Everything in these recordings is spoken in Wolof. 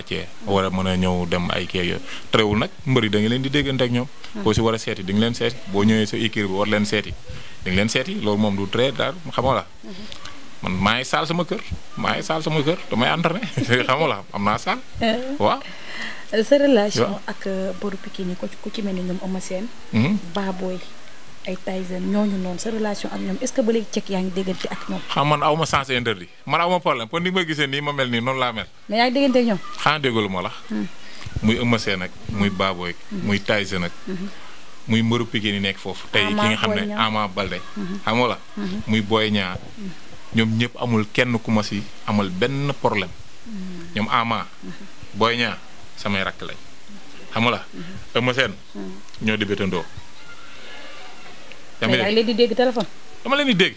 wàccee war a mën a ñëw dem ay kii yooyu terewul nag mbëri da leen di déggante ak ñoom koo hmm. si war a seeti di leen seeti boo ñëwee sa équipe bi war leen seeti di nga leen seeti loolu moom du très daal xam nga la hmm. man maa ngi saal sama kër maa ngi saal sama kër damay entraîné xam nga la am naa saal eh. waaw sa relation ak euh, boru Pikine yi ko ku ci mel ni ñoom Eumeu Sène hmm. Baboy ay Tyson ñooñu noonu sa relation ak ñoom est-ce que ba léegi cek yaa ngi déggante ak ñoom. xam man aw ma sens interdit man aw ma problème kon ni ma gisee nii ma mel nii noonu laa mel. mais yaa ngi déggante ñoom. xanaa déglu ma hmm. muy Eumeu Sène ak muy Baboy. Hmm. muy hmm. muy mbëru Pikine nekk foofu. tey ki ngi xam ne Ama Baldé. xam muy booy Niang. ñoom ñëpp amul kenn ku ma si amul benn problème. ñoom Ama. Boy Niang samay rakk lañ. xam nga la. Eumeu Sène ñoo di bétandoo. yaa ngi leen di dégg téléphone. dama leen di dégg.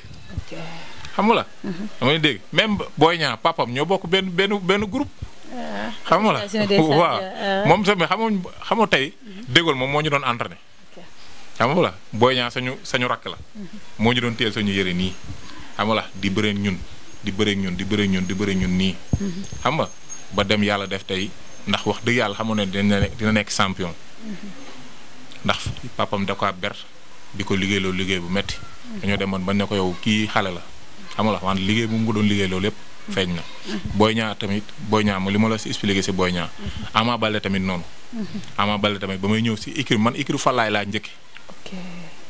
xam la. Mhm. dama leen dégg même booy ñaa papam ñoo bokk benn benn benn groupe. Ah, xam nga la waaw ah, ah. moom tamit xamoo xamoo tey. Mhm. déggool moom moo ñu doon entraîné. xam nga la Boy Niang sañu sañu rakk la. Mhm. moo ñu doon teel sañu yére nii. xam nga la di bëreeg ñun di bëreeg ñun di bëreeg ñun di bëreeg ñun nii. xam nga ba dem yàlla def tey ndax wax dëgg yàlla xamoon ne dina nekk dina nekk champion. ndax papam da ko ber. di ko liggéey loolu liggéey bu metti dañoo demoon ba ne ko yow kii xale la xam nga wax liggéey bu mu ko doon liggéey loolu yëpp feeñ na Boy Niang tamit Boy Niang mo li ma la si expliqué si Boy Niang Ama Baldé tamit noonu amaa Baldé tamit ba may ñëw si écurie man écurie Falaye laa njëkk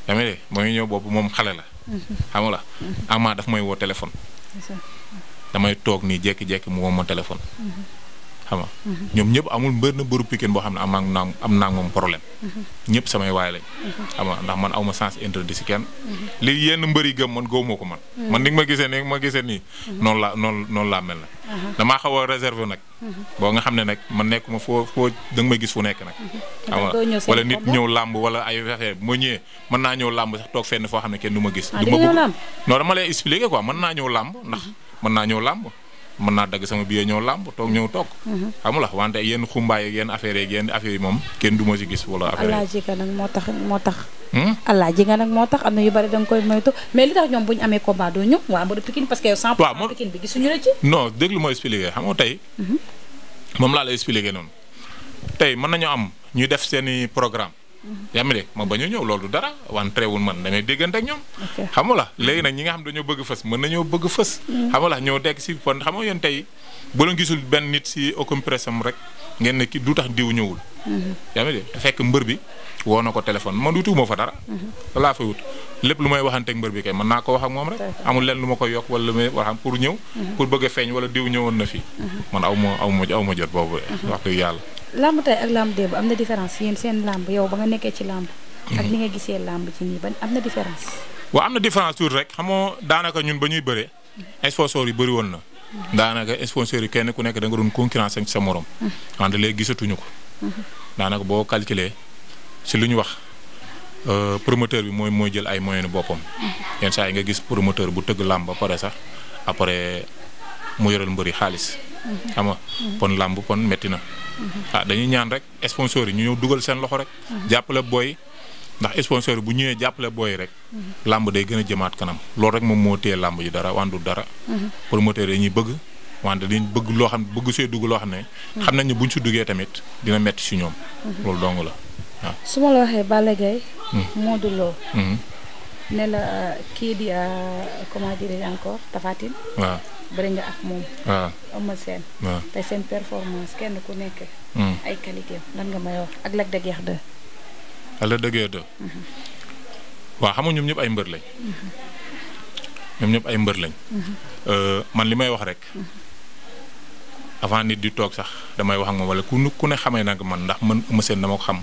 yaa ngi may ñëw boobu moom xale la xam nga Ama daf may woo téléphone damay toog nii jékki-jékki mu woo ma téléphone xam nga ñoom ñëpp amul mbër na bëru Pikine boo xam ne am naa am naa moom problème ñëpp samay waay lañ xam nga ndax man aw ma sens interdit si kenn li yenn mbër yi gëm man gëwuma ko man man ni nga ma gisee ni ma gisee nii noonu laa noonu noonu laa mel na damaa xaw a réserve nag boo nga xam ne nag man nekkuma foo foo da may gis fu nekk nag xam nga wala nit ñëw làmb wala ay fexee bu ma ñëwee mën naa ñëw làmb sax toog fenn foo xam ne kenn du ma gis ah, du ma bëgg non dama lay expliquer ko mën naa ñëw làmb ndax mën naa ñëw làmb mën naa dagg sama billet ñëw làmb toog ñëw toog. Mhm. xamula wante yenn xumbaay ak yenn affaire yeeg yenn affaire yi moom kenn du ma si gis. wala affaire yi allah moo tax moo tax. Hmm? moo tax am na yu bari da nga koy moytu mais li tax ñoom bu ñu mhm. moom laa lay expliqué noonu. tey mën nañu am ñu def seeni programme yaa ngi dégg ma bañ a ñëw loolu dara wanteewul man damay déggante ak ñoom. xam nga la léegi nag ñi nga xam dañoo bëgg fës mën nañoo bëgg fës. Mm. xam nga la ñoo dekk si kon xam nga yéen tey bu la gisul benn nit si okum pressam rek ngeen ne ki du tax diw ñëwul. Mm-hmm. yaa ngi fekk mbër bi woo na ko téléphone man wutuma fa dara. Mm-hmm. laa fay wut lépp lu may waxanteeg mbër bi kay mën naa ko wax ak moom rek. amul leen lu ma ko yokk wala lu may wax pour ñëw. Mm-hmm. pour bëgg a feeñ wala diw ñëwoon na fi. man aw ma aw ma aw ma jot boobu wax yàlla làmb tey ak làmb démb am na différence yéen seen làmb yow ba nga nekkee ci làmb. ak ni nga gisee làmb ci nii ban am na différence. waaw am na différence tuuti rek xamoo daanaka ñun ba ñuy bëre. sponsor yi bëri woon na. daanaka sponsor yi kenn ku nekk da nga doon concurrence ak sa morom. wante léegi gisatuñu ko. daanaka boo calculer si lu ñu wax euh, promoteur bi mooy mooy jël ay moyens boppam. yenn saa yi nga gis promoteur bu tëgg làmb ba pare sax après mu yoral mbëri xaalis. xam nga pon làmb pon metti na. ah dañuy ñaan rek sponsor yi ñu ñëw dugal seen loxo rek. jàppale booy ndax sponsor yi bu ñëwee jàppale booy rek. làmb day gën a jëmaat kanam loolu rek moom moo téye làmb ji dara wàndu dara. promoteur yi ñuy bëgg. wante dañ bëgg loo xam bëgg see dugg loo xam ne. xam nañ ne buñ si duggee tamit dina metti ci ñoom. loolu dong la waaw. su ma la waxee Balla Gaye. Hmm. Modou Lo. Hmm. ne la kii di euh, comment encore Tapha Tine. bëri nga ak moom. waaw Eumeu Sène. waaw te seen performance kenn ku nekk. Hmm. ay qualité lan nga may wax ak Lac de Guiers 2. ak Lac mhm. xam nga ñoom ñëpp ay mbër lañ. Mhm. ñoom ñëpp ay mbër lañ. Mhm. Euh, man li may wax rek. avant nit di toog sax damay wax ak moom wala ku ku ne xame nag man ndax man Eumeu Sène dama ko xam.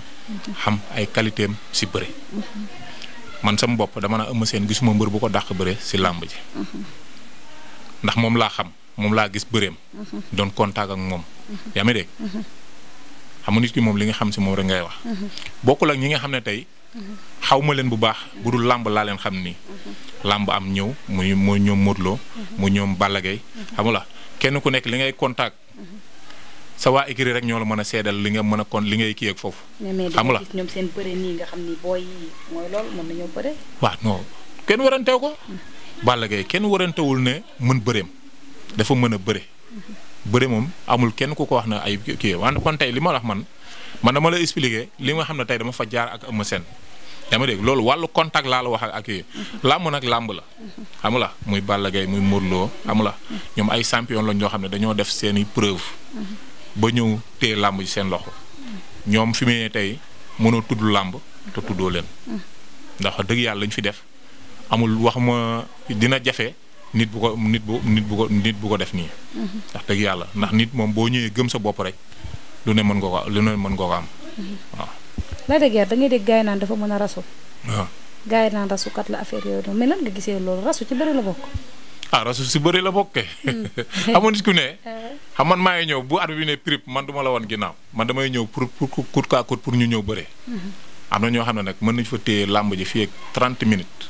xam ay qualité am si bëre. man sama bopp dama naa Eumeu Sène gisuma mbër bu ko dàq bëre si làmb ji. ndax moom laa xam moom laa gis bëreem. Mhm. doon contact ak moom. Mhm. yaa ngi mhm. xam nit ki moom li nga xam si moom rek ngay wax. bokkul ak ñi nga xam ne tey. xaw ma leen bu baax bu dul làmb laa leen xam ni làmb am ñëw mu ñoom Modou Lo mu ñoom Balla Gaye xam nga kenn ku nekk li ngay contact. sa waa écurie rek ñoo la mën a seedal li nga mën a kon li ngay kii ak foofu. xam nga kenn waranteew ko. Balla Gaye kenn warantewul ne mën bëreem dafa mën a bëre bëre moom amul kenn ku ko wax na ay kii waan kon tey li ma wax man man dama la expliquer li nga xam ne tey dama fa jaar ak ama seen dama dégg loolu wàllu contact laa wax ak ak làmb nag làmb la xam la muy Balla Gaye muy Modou Lo la ñoom ay champion lañ ñoo xam ne dañoo def seeni preuve ba ñëw téye làmb ji seen loxo ñoom fi mu tey mënoo tudd làmb te tuddoo leen ndax dëgg yàlla lañ fi def amul wax ma dina jafe nit bu ko nit bu nit bu ko nit bu ko def nii. ndax mhm. dëgg yàlla ndax nit moom boo ñëwee gëm sa bopp rek lu ne mën nga ko lu ne mën ko am. Mhm. waaw. la de guerre da dégg gaay naan dafa mën a rasu. waaw gaay naan rasukat la affaire yooyu noonu mais lan nga gisee loolu rasu ci bëri la ah, si bëri la bokkee. Hmm. amoon nit ku ne. Ah. xam man maa ngi ñëw bu arbitre bi ne prip man du ma la woon ginnaaw man damay ñëw pour pour court cas pour ñu ñëw bëre. Mhm. am na ñoo xam ne nag mën nañ fa téye làmb ji fi ak 30 minutes.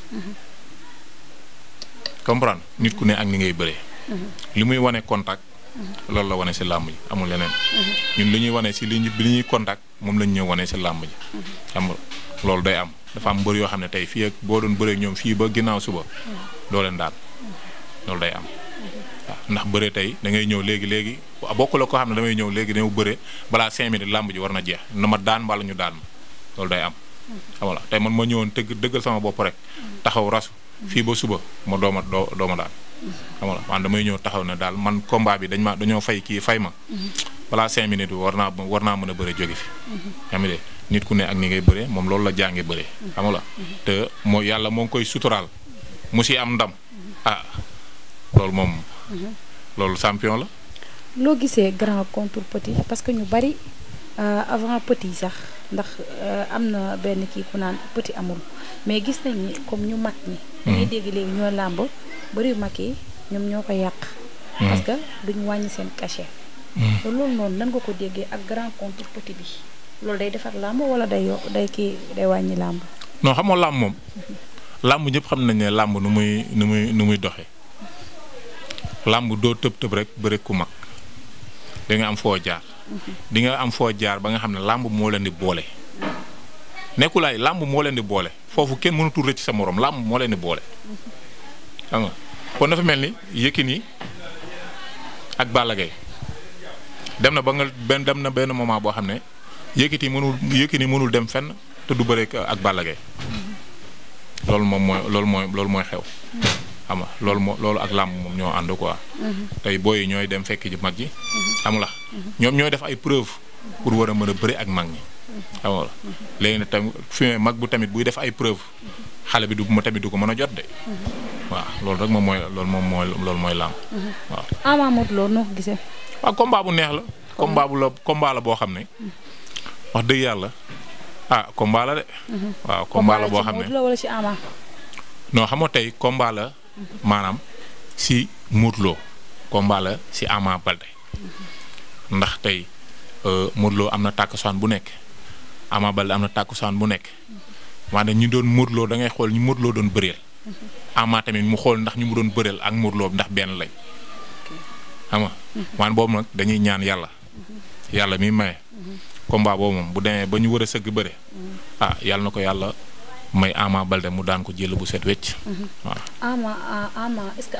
comprendre nit ku ne ak ni ngay bëree. Mhm. li muy wane contact. Mhm. loolu la wane si làmb ji amul leneen. Mhm. ñun li ñuy wane si li ñuy li ñuy contact moom lañ ñëw wane si làmb ji. xam nga loolu day am dafa am mbër yoo xam ne tey fii ak boo doon bëree ñoom fii ba ginnaaw suba. doo leen daal loolu day am. ndax bëre tey da ngay ñëw léegi léegi bokk la koo xam ne damay ñëw léegi dañoo bëre balaa cinq minutes làmb ji war na jeex na ma daan mbala ñu daan loolu day am. xam nga tey man ma ñëwoon tëgg dëggal sama bopp rek taxaw rasu. fii ba suba ma dooma doo dooma daal xam nga man damay ñëw taxaw na daal man combat bi dañ ma dañoo fay kii fay ma balaa cinq minutes war naa war naa mën a bëre jóge fi xam nga nit ku ne ak ni ngay bëree moom loolu la jànge bëree xam la te moo yàlla moo ngi koy suturaal mu am ndam ah moom loolu champion la loo gisee grand contre petit parce que ñu bari euh, avant petit sax ndax euh, am na benn kii ku naan petit amul mais gis nañ ni comme ñu mag ñi dangay mhm. dégg léegi ñoo làmb bëri mag yi ñoom ñoo ko yàq mhm. parce que duñ wàññi seen cachet mhm. te loolu noonu nan ko déggee ak grand contre petit bi loolu day defar làmb wala day yokk day kii day wàññi làmb non xam nga làmb moom làmb ñëpp xam nañ ne làmb nu muy nu muy nu muy doxee làmb doo tëb tëb rek bëre ku mag danga am foo jaar di nga am foo jaar ba nga xam ne làmb moo leen di boole nekkul ay làmb moo leen di boole foofu kenn mënatul rëcc sa morom làmb moo leen di boole xam dafa mel ni Yékini ak Balla dem na ba nga benn dem na benn moment boo xam ne Yékini mënul Yékini mënul dem fenn te du bëre ak Balla loolu moom mooy loolu mooy mooy xew. xam loolu moo loolu ak làmb moom ñoo ànd quoi. tey booy yi ñooy dem fekk ji mag ji. xam la ñoom ñooy def ay preuve pour war a mën a bëre ak mag ñi. xam nga léegi nag tam fi mag bu tamit buy def ay preuve xale bi du ma tamit du ko mën a jot de. waaw loolu rek moom mooy loolu moom mooy loolu mooy làmb. waaw Ama Modou Lo ko gisee. neex la. combat bu boo xam ne. wax dëgg yàlla ah combat boo xam ne combat xam nga tey combat maanaam si Modou Lo combat si Ama Baldé ndax tey euh, Modou am na tàkk soxna bu nekk. Ama Baldé am na tàkkusaan bu nekk maanaam ñu doon Modou Lo da ngay xool ñu Modou doon bëreel Ama tamit mu xool ndax ñu mu doon bëreel ak Modou Lo ndax benn lañ xam dañuy ñaan yàlla yàlla mi maye combat boobu ba ñu war a sëgg bëre ah, yàlla na ko yàlla may Ama mu daan ko bu set wecc. waaw Ama Ama est-ce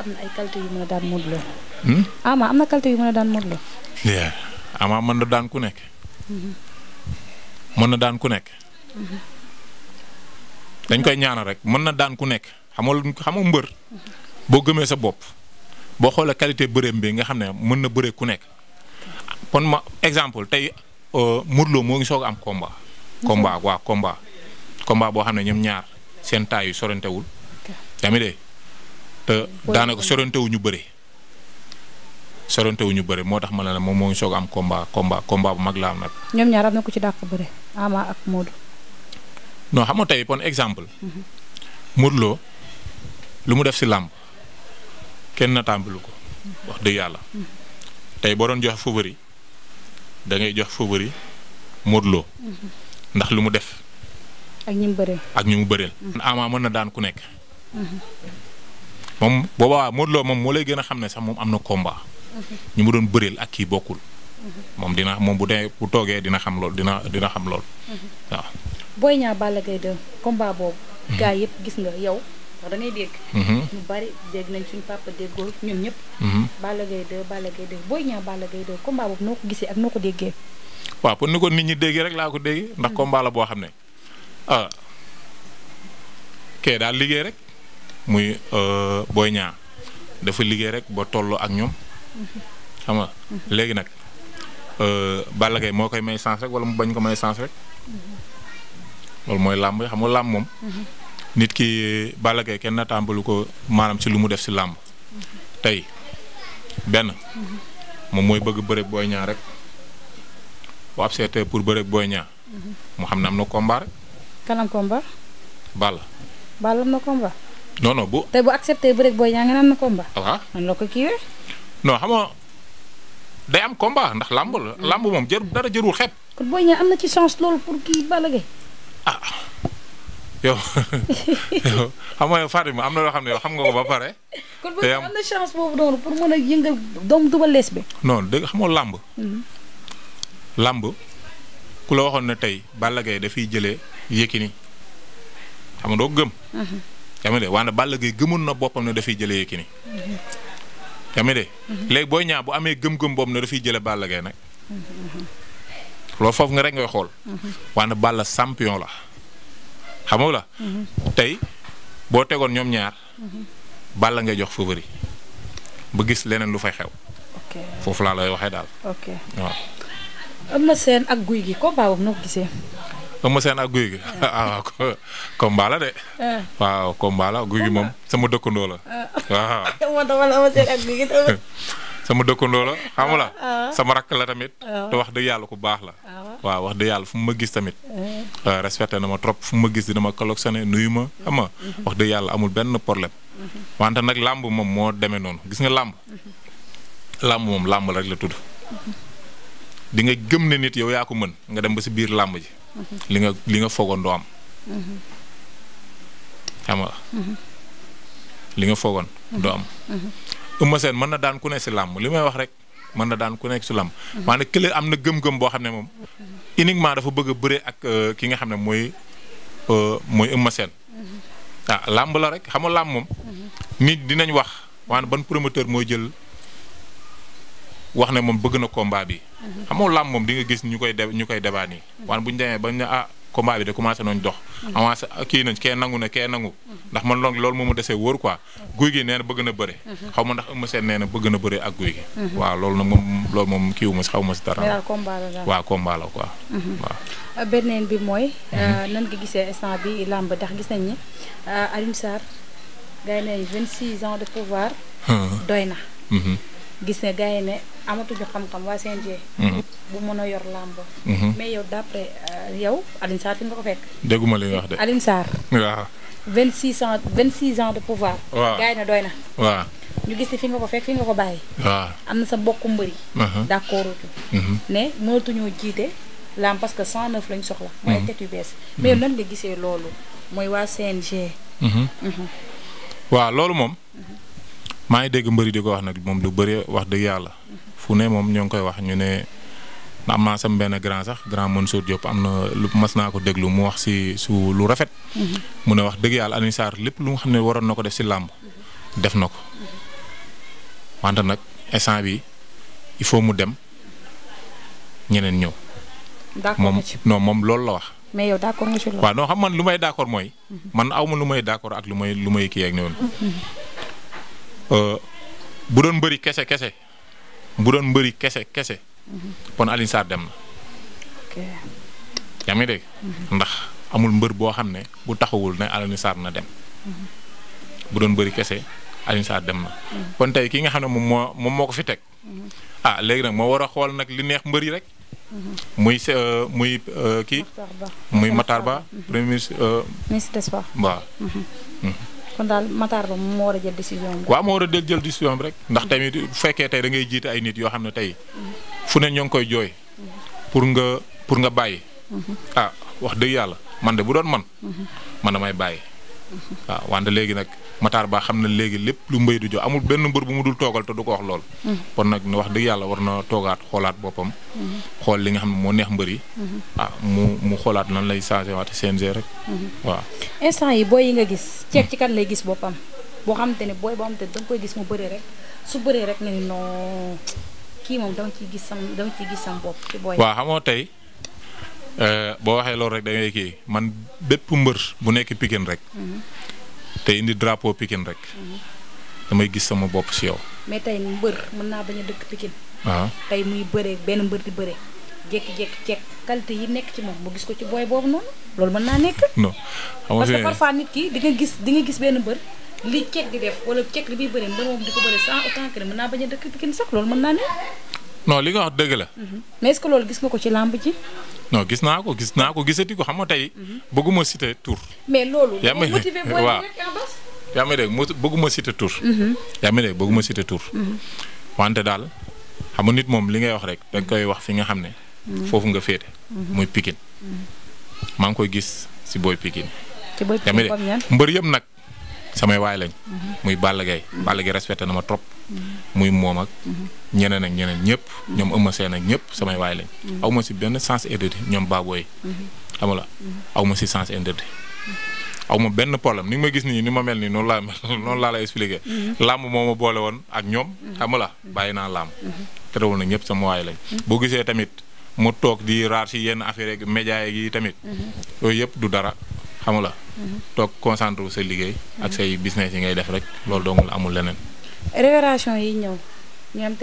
mën na daan ku nekk. mën na daan ku nekk. dañ koy ñaanal rek mën na daan ku nekk xamal xam nga mbër boo gëmee sa bopp boo xoolee qualité bëreem bi nga xam ne mën na bëree ku nekk. kon ma exemple tey euh, Modou Lo moo ngi soog am komba combat waaw combat. combat boo xam ne ñoom ñaar seen taay yu sorantewul. yaa ngi dégg te daanaka sorantewul ñu bëri. sorante wu ñu bëri moo tax ma la la moom moo ngi soog am combat komba komba bu mag la am nag. ñoom ñaar am na ku ci dàq bëre Ama ak Modou. non xam nga tey pon exemple. Mhm. Modou lu mu def si làmb kenn na ko wax dëgg yàlla mhm. tey boo doon joxe favori dangay ngay jox favori Modou mhm. ndax lu mu def. ak ñu mu bëreel ak ñu mën na daan ku nekk. moom boobaa Modou Lo moom moo lay gën a xam ne sax moom am na komba ñu mu doon bëreel ak kii bokkul. moom dina moom bu dee bu toogee dina xam lool dina dina xam lool. waaw. Boy Niang Balla Gaye 2 combat boobu. Mhm. gaa yëpp gis nga yow. ndax da ngay dégg. Mhm. ñu bari dégg nañ suñu papa déggoo ñun ñëpp. Mhm. Balla Gaye 2 Balla Gaye 2 Boy Niang Balla Gaye 2 combat boobu noo ko gisee ak noo ko déggee. waaw pour ni ko nit ñi déggee rek laa ko déggee ndax combat la boo xam ne ah daal liggéey rek muy euh, booy Niang dafa liggéey rek ba tolloo ak ñoom. xam nga léegi nag euh, Balla Gaye moo koy may sens rek wala mu bañ ko may sens rek loolu mooy làmb xam nga làmb moom. nit ki Balla Gaye kenn nataabalu ko maanaam si lu mu def si làmb tey benn moom mooy bëgg bëre booy ñaa rek bu abseetee pour bëre booy ñaa mu xam ne am na combat rek. kanam combat. Balla. Balla am na combat. non non bu. bu accepté bëre booy ñaar nga naan na combat. Ah. waaw non xam nga day am combat ndax làmb la. Mm. làmb moom jër dara jërul xeeb. kon Boy Niang am na ci chance loolu pour kii Balla Gaye ah nga Fatima am na loo xam ne yow xam nga ba pare. kon Boy chance boobu noonu pour mën a yëngal doomu Double Less bi. non dëgg xam làmb. Mm. làmb ku la waxoon ne tey Balla Gaye dafiy jëlee Yékini xam nga doo gëm. Mm-hmm. yaa ngi ne waaye Balla Gaye gëmoon na boppam dafay jële jëlee Yékini. Mm-hmm. yaa ngi léegi booy ñaa bu amee gëm-gëm boobu ne dafay jële bàll Gaye nag loolu foofu nga rek ngay xool waane Balla champion la xam nga la tey boo tegoon ñoom ñaar Balla ngay jox favori ba gis leneen lu fay xew foofu laa lay waxe daal waaw Eumeu Sène ak Gouye Gui combat boobu noo gisee Eumeu Sène ak Gouye Gui ah combat de. Eh. waaw combat la Gouye Gui moom sama dëkkandoo la. Ah. sama dëkkandoo la xam la ah, ah. sama rakk la tamit. te wax dëgg yàlla ku baax la. waaw wax dëgg yàlla fu mu ma gis tamit. Eh. respecté na ma trop fu ma gis dina ma collectionné nuyu ma xam mhm. wax dëgg yàlla amul benn problème. Mhm. wante nag làmb moom moo demee noonu gis nga làmb. Mhm. làmb moom làmb rek la tudd. di nga gëm ne nit yow yaa ko mën nga dem ba si biir làmb ji. li nga li nga foogoon doo am. xam nga li nga foogoon doo am. mën na daan ku ne si làmb li may wax rek mën na daan ku nekk si làmb. maanaam kële am na gëm-gëm boo xam ne moom. uniquement dafa bëgg a bëre ak euh, ki nga xam ne mooy euh, mooy Eumeu Sène. Ah, làmb la rek xam nga làmb moom. nit dinañ wax waane ban promoteur mooy jël. wax ne moom bëgg na combat bi. Mhm. xam nga moom di nga gis ñu koy de ñu koy débat nii. Mhm. waaye bu ñu demee ba ñu ne ah commencé nañ dox. Mhm. avancé ah, kii nañ kee nangu na kee nangu. ndax man loolu moo ma desee wóor quoi. guy gi nee bëgg na bëre. xaw ma ndax Eumeu Sène nee na bëgg na bëre ak guy gi. loolu nag moom loolu moom kii wu ma si xaw ma si dara. waaw combat waa daal waaw combat euh, beneen bi mooy. Euh, nan nga gisee instant bi làmb ndax gis nañ ni euh, Alioune Sarr gars yi ans de pouvoir. doy na. gis ne gars yi ne amatuñu xam-xam waa CNG. Mhm. bu mën a yor làmb. Mhm. mais yow d' après euh, yow Alioune Sarr fi nga ko fekk. dégguma li nga wax de. Alioune Sarr. waaw. vingt six ans vingt six ans de pouvoir. waaw gars yi ne doy na. waaw ñu gis fi nga ko fekk fi nga ko bàyyi. waaw am na sa mbokku mbëri. Mhm. d' accord ne mënatuñoo jiite làmb parce que cent neuf lañ soxla. mooy tet yu bees. mais nan nga gisee loolu mooy waa CNG. waaw loolu moom. maa ngi dégg mbëri di ko wax nag moom lu bëri wax dëgg yàlla fu ne moom ñoo ngi koy wax ñu ne am naa sam benn grand sax grand Mansour Diop am na lu mas naa ko déglu mu wax si su lu rafet. Mm-hmm. mu ne wax dëgg yàlla Alioune Sarr lépp lu xam ne waroon na ko def si làmb def na ko mm-hmm. wante nag instant bi il faut mu dem ñeneen ñëw. moom non moom loolu la wax. mais yow d'accord xam man lu may d'accord mooy. Mm-hmm. man aw ma lu may d'accord ak lu may lu may kii ak ñoom. Euh, bu doon mbëri kese kese bu doon mbëri kese kese mhm. kon Alioune dem na. yaa ngi dégg mhm. ndax amul mbër boo xam ne bu taxawul ne Alioune na dem mhm. bu doon bëri kese Alioune Sarr dem na kon tey ki nga xam ne moom moo moom moo ko fi teg ah léegi nag moo war a xool nag li neex mbër yi rek muy se euh, muy euh, kii muy Matar Ba premier ministre waaw kon daal Matar Ba moo war a jël décision bi. waaw moo war a jël décision bi rek. ndax tamit bu fekkee tey da ngay jiite ay nit yoo xam ne tey fu ne ñoo ngi koy jooy pour nga pour nga bàyyi. Mhm. ah wax dëgg yàlla man de bu doon man mhm. man damay bàyyi. waa mhm. ah, wante léegi nag. Matar Ba xam na léegi lépp lu mbéy du jox amul benn mbër bu mu dul toogal te du ko wax lool. Mm-hmm. kon nag wax dëgg yàlla war na toogaat xoolaat boppam. Mm-hmm. xool li nga xam ne moo neex mbër yi. Mm-hmm. Ah mu mu xoolaat lan lay changé waat CNG yi nga gis. ceeb ci kan lay gis boppam. boo xamante ne booy boo xamante ne da nga koy gis mu bëree rek su bëree rek nga ni non kii moom da nga gis sam bopp ci booy. Euh, boo waxee loolu rek da ngay kii man bépp bu nekk Pikine rek. te indi drapo Pikine rek. damay gis sama bopp si yow. mais tey mbër mën naa bañ a dëkk Pikine. waaw ah. tey muy bëree benn mbër di bëree. jékki-jékki ceeb qualité yi nekk ci moom mu gis ko ci booy boobu noonu loolu mën naa nekk. non parce que parfois nit ki di nga gis di nga gis benn mbër li ceeb di def wala ceeb li muy bëree mbër moom di ko bëree sans autant que mën naa bañ a dëkk Pikine sax loolu mën naa nekk. non li nga wax dëgg la. Mhm. mais est que loolu gis nga ko ci làmb ji. non gis naa ko gis naa ko gisati ko xam nga tey. Mhm. bëgguma citer tur. mais loolu. yaa may dégg waaw yaa bëgguma citer tur. Mhm. wante daal xam nit moom li ngay wax rek danga koy wax fi nga xam ne. foofu nga féete. muy Pikine. maa ngi koy gis si booy ci booy Pikine mbër yëpp nag. samay waay lañ. muy Balla Gaye mm-hmm. Balla Gaye respecté na ma trop. Mm-hmm. muy moom ak. Mm-hmm. ñeneen ak ñeneen ñëpp. ñoom ëmma seen ak ñëpp samay waay lañ. aw ma si benn sens interdit ñoom baabooy. xam nga aw ma si sens interdit. aw ma benn problème ni ma gis nii ni ma mel nii noonu laa mel noonu laa lay làmb moo ma boole woon ak ñoom. xam la bàyyi naa làmb. terewul na ñëpp sama waay lañ. boo gisee tamit mu toog di raar si yenn affaire yeeg média yi tamit. yooyu yëpp du dara. xam nga la mhm. toog concentré wu sa liggéey. ak say business yi ngay def rek loolu dong la amul leneen. révélation yi ñëw ñu am hmm.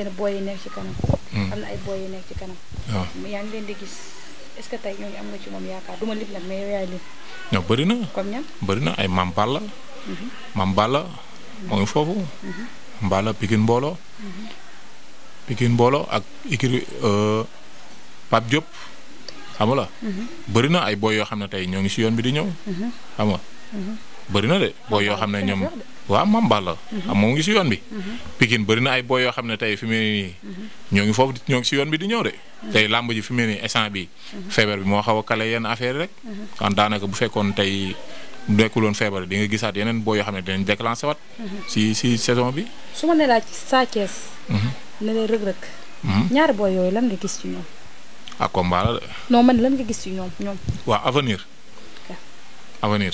na ay booy ci moom yaakaar du ma lim nag yaay lim. ñoo bëri na. ay Mame Balla. Mhm. Mame Balla. moo ngi foofu. Mballa mhm. Pikine Mbooloo. Pikine Mbooloo ak Ikri euh, Pape Diop. xam la bëri na ay booy yoo xam ne tey ñoo ngi si yoon bi di ñëw. xam nga bëri na de booy yoo xam ne ñoom waa mam Balla mhm. xam moo ngi si yoon bi. Mhm. Pikine bëri na ay booy yoo xam ne tey fi mu mhm. ñoo ngi foofu ñoo ngi si yoon bi di ñëw de. tey làmb ji fi mu ne nii bi feebar bi moo xaw a kale yenn affaire rek. kon daanaka bu fekkoon tey nekkuloon feebar di nga gisaat yeneen booy yoo xam ne dinañ déclenché wat. si si saison bi. su ma nee laaj Sa Thiès. ne la ñaari booy yooyu lan nga gis ci ñoom. ak combat la de. non lan nga gis ci ñoom ñoom. avenir. avenir.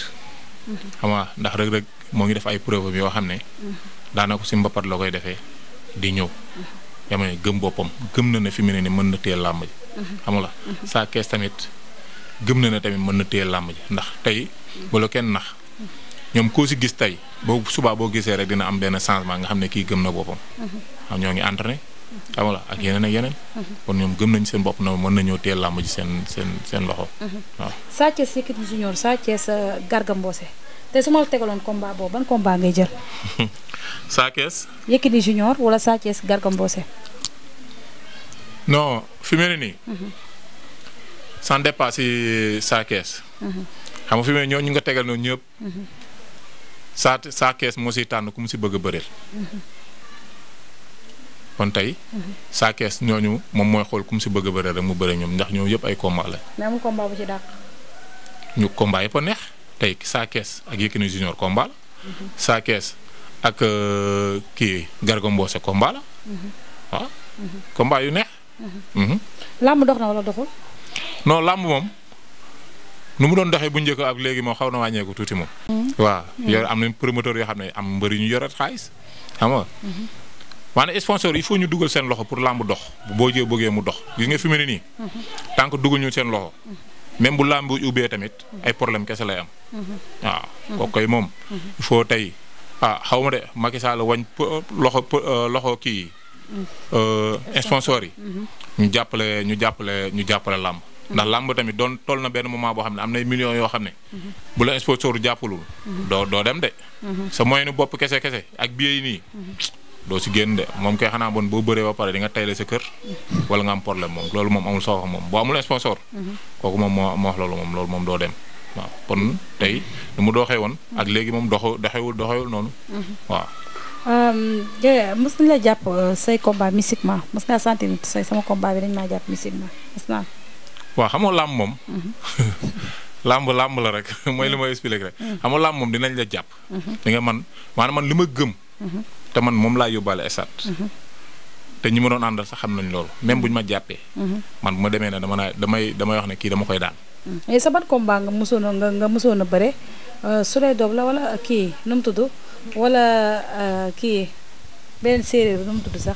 Mhm. xam nga ndax Reug Reug moo ngi def ay preuve yoo xam ne. Mhm. daanako si mbapat loo koy defee di ñëw. Mhm. yaa ma gëm boppam gëm na ne fi mu ne nii mën na téye làmb ji. xam tamit gëm na ne tamit mën na téye làmb ndax tey. wala kenn nax. ñoom koo si gis tey boo subaa boo gisee rek dina am benn changement nga xam ne kii gëm na boppam. xam ñoo ngi entraîné ah voilà ak yeneen ak yeneen. Mhm. kon ñoom gëm nañ seen bopp na mën nañoo teel làmb ji seen seen seen loxo. Mhm. waaw Sa Thiès Yékini Junior Sa Thiès euh, Garga Mbossé te su ma la tegaloon combat boobu ban combat fi mu ne nii. Mhm. sans dépasser euh, Sa xam nga ñoo ñu nga tegal noonu ñëpp. Sa moo si tànn ku mu si bëgg a bëreel. kon tey. Mhm. saakees ñooñu moom mooy xool ku si bëgg a rek mu bari ñoom ndax ñoom yëpp ay combat la. mais amul bu ci dàq. ñu combat yëpp a neex tey saa ak Yékini junior combat la. Mhm. ak euh, kii Garga Mbossé combat la. Mhm. Ah. yu neex. làmb dox na wala doxul. non làmb moom nu mu doon doxee bu njëkk ak léegi moo xaw na wàññeeku tuuti moom. waaw yor am nañ promoteur yoo xam ne am mbër yu ñu yorat xaalis xam nga. maanaam sponsor il faut ñu dugal seen loxo pour làmb dox boo jee bëggee mu dox gis nga fi mu ne tant que dugal ñu seen loxo. même bu làmb ubbee tamit. ay problème kese lay am. waaw koy moom. foo tey ah xaw ma de Macky Sall wañ loxo euh, loxo kii yi. Euh, sponsor yi. ñu jàppale ñu jàppale ñu jàppale làmb. ndax làmb tamit doon toll na benn moment boo xam ne am na million yoo xam ne. bu la sponsor jàppalul. doo dem de. sa moyen bopp kese kese ak billet yi nii. doo si génn de moom kay xanaa bon boo bëree ba pare di nga tayle sa kër wala nga am problème moom loolu moom amul soo wax moom boo amul sponsor mhm. kooku moom moo moo wax loolu moom moom doo dem waaw kon tey nu mu doxee woon ak léegi moom doxu doxewul doxewul noonu mhm. waaw um, jàpp euh, say combat mystiquement mës ngaa sentir say sama combat bi dañ maa jàpp mystiquement mës naa waaw xam nga làmb moom mhm. làmb làmb la rek mooy li may expliqué rek xam nga moom dinañ la jàpp di man maanaam man li ma gëm te man moom laa yóbbaale esat mhm. te ñi ma doon àndal sax xam nañ loolu même bu ñu ma jàppee. Mhm. man bu ma demee ne dama naa damay damay wax ne kii dama koy daan. mais mhm. sa ban combat nga mosoon nga nga a bëre euh, Souleye Diop la wala euh, kii nu mu wala euh, kii benn tudd sax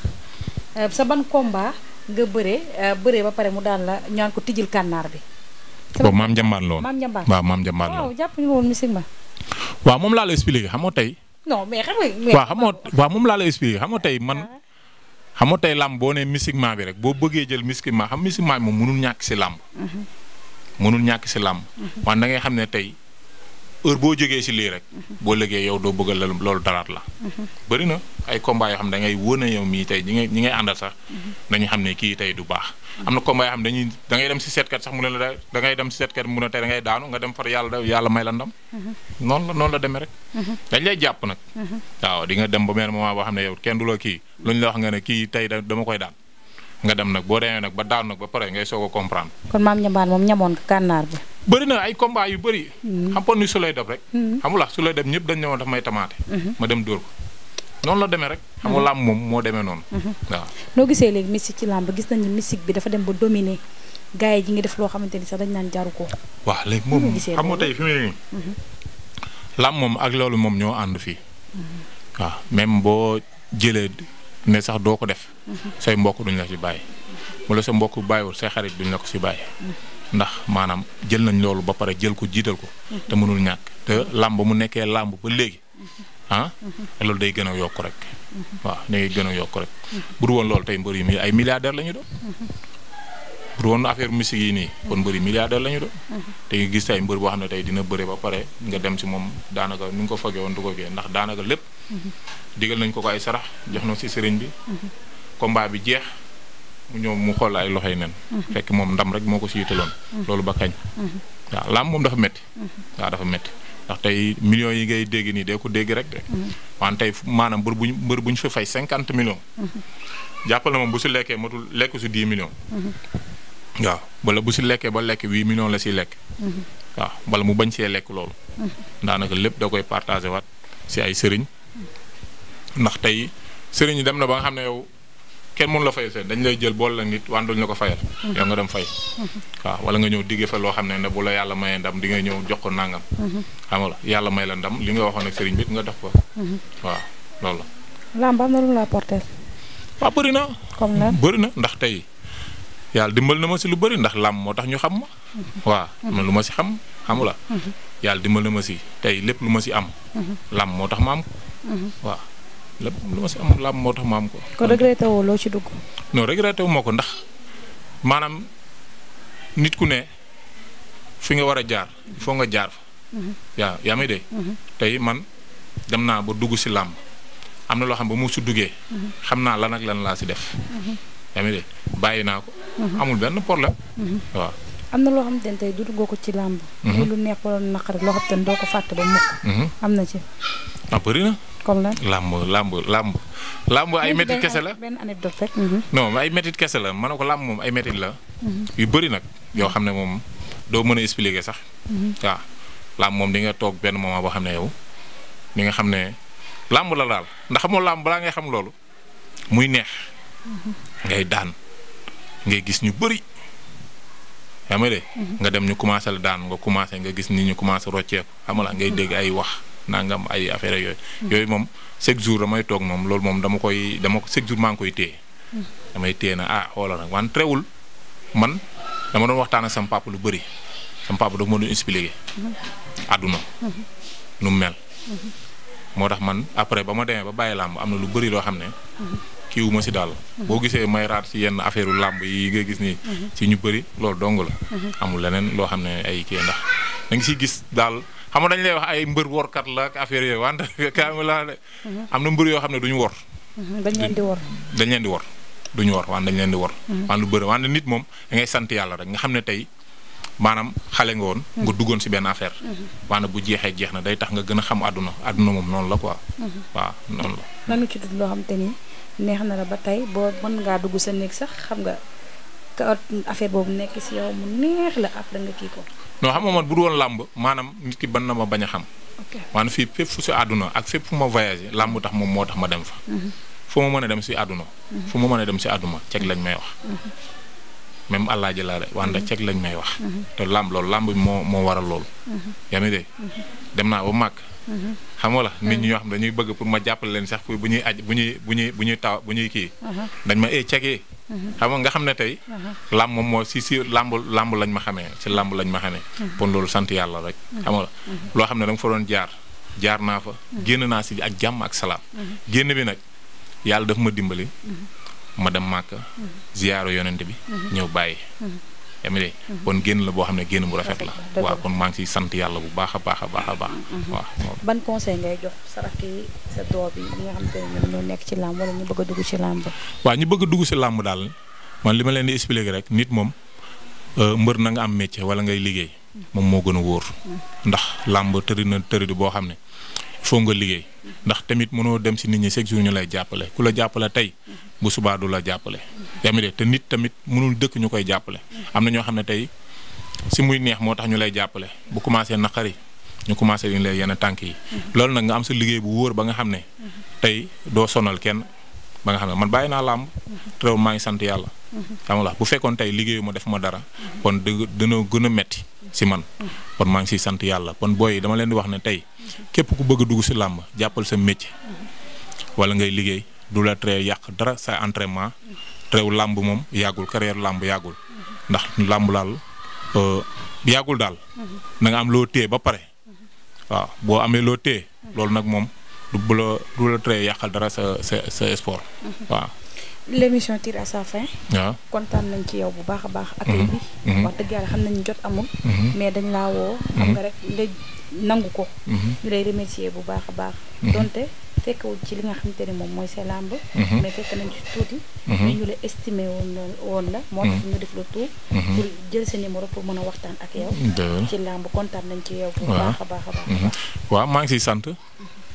sa ban combat nga bëree bëree ba pare mu daan la ñaan ko tijjil kànnaar bi. maam Njambaar la woon maam Njambaar waaw maam Njambaar la waaw jàpp ñu woon musique ma. waaw moom laa la expliqué xam nga non mais waa nga. waaw moom laa la expliqué xam nga tey man. xam nga tey làmb boo nee mystiquement bi rek boo bëggee jël mystiquement xam mystiquement bi moom mënul ñàkk si làmb. Mhm. mënul ñàkk si làmb. Mhm. waaye da ngay xam ne tey heure boo jógee ci lii rek. boo lëgee yow doo bëgg loolu daraat la. bëri na ay combat yoo xam ne da ngay wóor yow mii tey ñi ngay ñi ngay àndal sax. dañu xam ne kii tey du baax. am na combat yoo xam ne dañuy da ngay dem ci seetkat sax mu ne la da ngay dem ci seetkat mu ne tey ngay daanu nga dem far yàlla yàlla may la ndam. noonu la noon la demee rek. dañ lay jàpp nag. Mhm. waaw di nga dem ba benn moment boo xam ne yow kenn du la kii luñ la wax nga ne kii tey dama koy daan. nga dem nag boo demee nag ba daanu nag ba pare ngay soog a comprendre. kon maam Ndiambane moom ñamoon nga gànnaar bi. bëri na ay combat yu bëri. Mm-hmm. xam nga ni su lay def rek. Mm-hmm. xamula su lay def dañ ne woon daf may tamaate. Mm-hmm. ma dem dóor ko noonu la demee rek. xam moom moo demee noonu. waaw noo gisee léegi mystique ci làmb gis nañu mystique bi dafa dem ba dominer gars yi ji ngi def loo xamante ni sax dañ naan jaru ko. waaw léegi moom xam ñoo ànd fii. waaw même boo jëlee. ne sax doo ko def say mbokk duñ la ci bàyyi wala sa mbokk bàyyiwul say xarit duñ la ko ci bàyyi ndax maanaam jël nañ loolu ba pare jël ko jiital ko te mënul ñàkk te làmb mu nekkee làmb ba léegi ah loolu day gën a yokk rek waaw day gën a yokk rek bu dul woon loolu tey mbër yi ay milliardaire la ñu doon woon affaire musique yi nii kon mbër yi milliardaire la ñu doon te nga gis tey mbër boo xam ne tey dina bëre ba pare nga dem si moom daanaka ni nga ko fage woon du ko kee ndax daanaka lépp digal nañ ko ko ay sarax jox na si sëriñ bi. combat bi jeex mu ñëw mu xool ay loxoy nen. fekk moom ndam rek moo ko si loolu ba kañ. waaw làmb moom dafa metti waa dafa metti ndax tey millions yi ngay dégg nii dee ko dégg rek de. maanaam mbër bu ñu mbër bu ñu fay cinquante millions. jàppal moom bu si lekkee matul lekk si dix millions. waaw bala bu si lekkee ba lekk huit million la siy lekk. waaw bala mu bañ see lekk loolu. daanaka lépp da koy partagé waat si ay sëriñ. ndax tey sëriñ yi dem na ba nga xam ne yow kenn mënu la fay seen dañ lay jël bool la nit waan duñ la ko fayal. Mhm. yow nga dem fay. Mhm. waaw wala nga ñëw diggee fa loo xam ne ne bu la yàlla mayee ndam di nga ñëw jox ko nangam. Mhm. xam nga yàlla may la ndam li nga waxoon ak sëriñ nga def ko. na lu na. ndax tey yàlla dimbal na ma si lu bari ndax lamb moo tax ñu xam ma. waaw man lu ma si xam xamu la. yàlla dimbal na ma si tey lépp lu ma si am. lamb moo tax ma am. waaw. lépp lu ma si am làmb moo tax ma am ko. kon regretté loo ci dugg. noo regretté wu ko ndax maanaam nit ku ne fi nga war a jaar foo nga jaar fa. Mhm. yaa yaa may dee. Mhm. tey man dem naa ba dugg si làmb am na loo xam ba mu si duggee. Mhm. xam naa lan ak lan laa si def. yaa bàyyi naa ko. amul benn problème. waaw. na loo xamante ne ko ci làmb. muy lu neex wala naqari loo xam te ne ko fàtte ba mukk. am na ci. ah bëri na. comme làmb làmb làmb. làmb ay métit kese la benn ay métit kese la ma ne ko làmb moom ay métit la. Mhm. yu bëri nag yoo xam ne moom doo mën a expliquer sax. Mhm. waaw làmb moom di nga toog benn moment boo xam ne yow di nga xam ne làmb la daal ndax xamoo làmb balaa ngay xam loolu muy neex. Mhm. ngay daan ngay gis ñu bëri. yaa de nga dem ñu commencé la daan nga commencé nga gis nit ñu commencé ceeb xam nga ngay dégg ay wax. nangam ay affaire yooyu. yooyu moom chaque jour damay toog moom loolu moom dama koy dama chaque jour maa ngi koy téye. damay téye na ah xoolal nag man teewul man dama doon waxtaan ak sama papa lu bëri sama papa dama doon expliquer. àdduna. nu mu mel. moo tax man après ba ma demee ba bàyyi làmb am na lu bëri loo xam ne. kii ma si daal. boo gisee may raat si yenn affaire làmb yi ngay gis nii. ci ñu bëri loolu dong la. amul leneen loo xam ne ay kii ndax da xam nga dañ lay wax ay mbër workat la ak affaire yooyu wante kaamil la mhm. am na mbër yoo xam ne duñu wor. Mhm, dañ leen di wor dañ leen di wor duñu wor wante dañ leen di wor. Mhm. wante lu bëri wante nit moom da ngay sant yàlla rek nga xam ne tey maanaam xale nga woon. duggoon si benn affaire. wante bu jeexee jeex na day tax nga gën a xam àdduna àdduna noonu la quoi. waaw noonu la. nanu ci dund loo xam te ni neex na la ba tey boo mën ngaa dugg sa néeg sax xam nga affaire boobu nekk si yow mu neex la après nga kii ko. non xam nga man bu du woon làmb maanaam nit ki ban na ma bañ a xam. maanaam fii fépp fu si àdduna ak fépp fu ma voyagé làmb tax moom moo tax ma dem fa. foo ma mën a dem si àdduna. fu ma mën a dem si àdduna mhm. ceeg lañ may wax. Mhm. même allah ji laa mhm. ceeg lañ may wax. te làmb loolu làmb moo moo waral loolu. yaa ngi dégg dem naa bu màgg. xam nga la nit ñi ñoo xam ne dañuy bëgg pour ma jàppale leen sax pour bu ñuy aj bu ñuy bu ñuy bu ñuy taw bu ñuy kii. dañ ma ee eh, ceegee. xam nga xam ne tey. làmb moom moo si si làmb làmb lañ ma xamee si làmb lañ ma xamee. kon loolu sant yàlla rek. xam nga loo xam ne da nga fa doon jaar jaar naa fa. génn naa si ak jàmm ak salaam. génn bi nag yàlla daf ma dimbali. ma dem màkk. ziyaaru yonent bi. ñëw bàyyi. Emily mhm. kon génn la boo xam ne génn bu rafet la waa kon maa ngi ciy sant yàlla bu baax a baax a baax mhm. waaw ban conseil ngay jox sa rakk sa doom yi ñi nga xam te ne nekk ci làmb wala ñu bëgg a dugg ci làmb ñu bëgg dugg ci làmb daal man li ma leen di expliquer rek nit moom euh, mbër na nga am métier wala ngay liggéey mhm. moom moo gën a wóor ndax làmb tëri na tëri boo xam ne foo nga liggéey ndax tamit mënoo dem si nit ñi chaque jour ñu lay jàppale ku la jàppale tey bu subaa du la jàppale. yaa ngi te nit tamit mënul dëkk ñu koy jàppale am na ñoo xam ne tey si muy neex moo tax ñu lay jàppale bu commencé naqari ñu commencé dañu lay yenn tànk yi. loolu nag nga am sa liggéey bu wóor ba nga xam ne tey doo sonal kenn ba nga xam ne man bàyyi naa làmb teewul maa ngi sant yàlla. xam nga bu fekkoon tey liggéeyu ma def ma dara kon dina gën a metti si man kon maa ngi siy sant yàlla kon booy dama leen di wax ne tey képp ku bëgg dugg si làmb jàppal sa métier wala ngay liggéey du la tree yàq dara sa entraînement réew làmb moom yàggul carrière làmb yàggul ndax làmb daal euh, yàggul daal na am loo téye ba pare waaw boo amee loo tée loolu nag moom du la du la tree yàqal dara sa sa sa sport waaw l' émission tire à sa fin. waaw ah. kontaan nañ ci yow bu baax a baax. Mhm. accueil bi mhm. wax dëgg yàlla xam nañ jot amul. Mhm. mais dañ laa woo. xam nga rek nga nangu ko. ñu lay remercier bu baax a baax. donte fekkewul ci li nga xamante ne moom mooy sa làmb. mais fekk nañ ci tuuti. mais ñu la estimé woon la woon la. moo tax ñu def la tout. pour jël sa numéro pour mën a waxtaan ak yow. ci làmb kontaan nañ ci yow. bu baax a baax a baax. waaw maa ngi siy sant.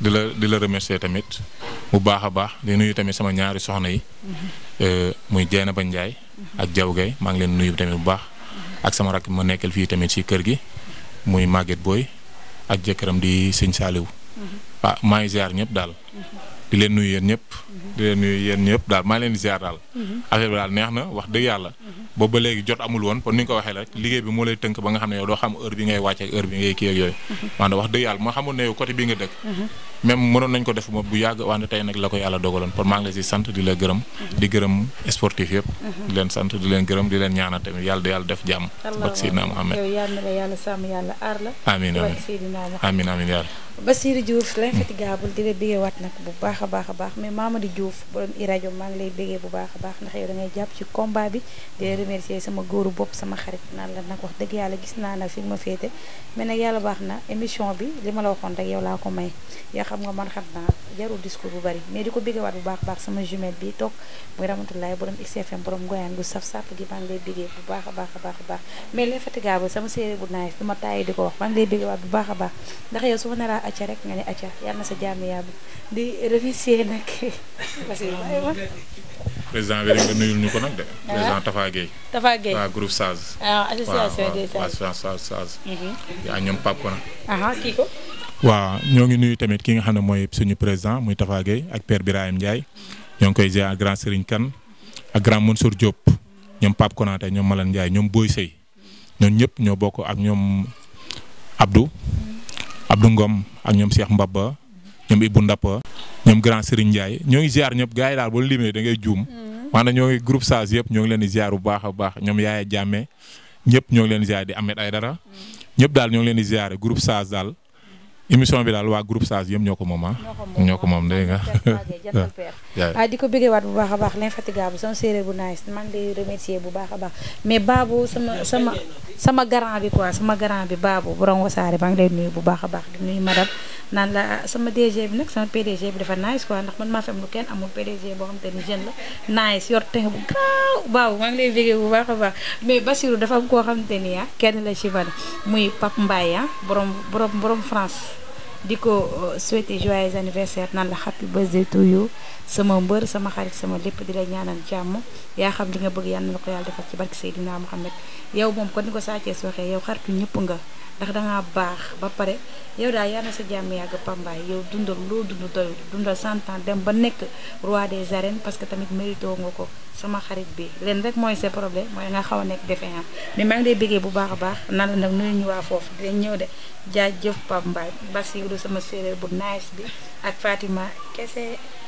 di la di la remercier tamit bu baax a baax di nuyu tamit sama ñaari soxna yi euh, muy Dieynaba Ndiaye ak Diaw Gueye maa ngi leen nuyu tamit bu baax ak sama rakk ma nekkal fii tamit ci kër gi muy Maguette booy ak jëkkëram di sëñ Saliou ah maa ngi ziar ñëpp daal di leen nuyu yéen ñëpp di leen nuyu yéen ñëpp daal maa leen di ziar daal mhm. affaire bi daal neex na wax dëgg yàlla mhm. boobu ba léegi jot amul woon kon ni nga ko waxee rek liggéey bi moo lay tënk ba nga xam ne yow doo xam heure bi ngay wàcc ak heure bi ngay kii ak yooyu wante mhm. wax dëgg yàlla ma xamoon ne yow côté bii nga dëkk mhm. même mënoon nañ ko def ma bu yàgg wante tey nag la ko yàlla dogaloon kon maa ngi si sant di la gërëm mhm. di gërëm sportif yëpp di leen sant di leen gërëm di leen ñaana tamit yàlla da yàlla def jàmm bak Seydina Mohamed amiin amiin amiin amiin Bassirou Diouf l'infatigable di la bëggee waat nag bu baax a baax a baax mais Mamadou Diouf a baax ndax di la remercier sama xarit naan la nag wax dëgg yàlla gis naa na fi ma féete mais nag yàlla baax na émission bi li ma la waxoon rek yow laa ko may yaa xam nga man xam naa jarul discours bu bari mais di ko bëggee waat bu baax a baax sama jumelle bi toog muy Ramatoulaye borom bu baax a baax a baax a baax mais l'infatigable sama séeréer bu naay fi ma tàyyi di ko wax maa lay bëggee waat bu baax a baax ndax yow su ma acca rek nga ne acca yàlla sa jàmm yàgg di remercier nag. président bi nga nuyul ñu ko nag de. Ah. président Tafa Gueye. Tafa waa groupe Saz. ah mhm. ñoom Pape ko nag. ñoo ngi nuyu tamit ki nga xam ne mooy suñu président muy Tafa Gueye ak père Birahim Ndiaye ñoo ngi koy ziar grand Serigne Kane ak grand Mansour Diop ñoom Pape ñoom Malan Ndiaye ñoom booy Sey ñoom ñëpp ñoo bokk ak ñoom Abdou. Abdou Ngom ak ñoom seex Cheikh Mbaba ñoom Ibou Ndappa ñoom Grand Serigne Ndiaye ñoo ngi ziar ñëpp gars yi daal boo limee da ngay juum mm-hmm. maanaam ñoo ngi groupe Sage yëpp ñoo ngi leen di ziar bu baax a baax ñoom Yaaya Jammeh ñëpp ñoo ngi leen di ziar di Ahmed Aïdara mm-hmm. ñëpp daal ñoo ngi leen di ziar groupe Sage daal émission bi daal waa groupe Sage yëpp ñoo ko moom ah. ñoo ko moom dégg nga. waaw ah, ah, di ko bëggee waat bu baax a baax l'infatigable sama séeréer bu nice man di remercier bu baax a baax mais Babou sama sama sama grand bi quoi sama grand bi Babou borom wasaare maa ngi lay nuyu bu baax a baax di nuyu madame. naan la ah, sama DG bi nag sama PDG bi dafa nice quoi man maa fi am lu kenn amul PDG boo xam te ni jeune la nice yor waaw maa ngi lay bégee bu baax a baax mais Basirou dafa am koo xam ni ah kenn la ci man muy Pape Mbaye ah boroom boroom borom France di ko euh, souhaiter joyeux anniversaire naan la happy birthday to you sama mbër sama xarit sama lépp di la ñaanal jàmm yaa xam li nga bëgg yàlla na ko yàlla defal ci barke xam Mohamed yow moom kon ni ko Sa Thiès waxee yow xaritu ñëpp nga. ndax dangaa baax ba pare yow daal yal na sa jàmm yàgg pambaay yow dundal loo dund doyul dundal cent ans dem ba nekk roi des arènes parce que tamit mérito nga ko sama xarit bi leen rek mooy sa problème mooy nga xaw a nekk défiant mais maa ngi bëggee bu baax a baax nan la nag nuyu ñu waa foofu dinañ ñëw de jaajëf pambaay Basiirou sama séeréer bu nice bi ak Fatima kese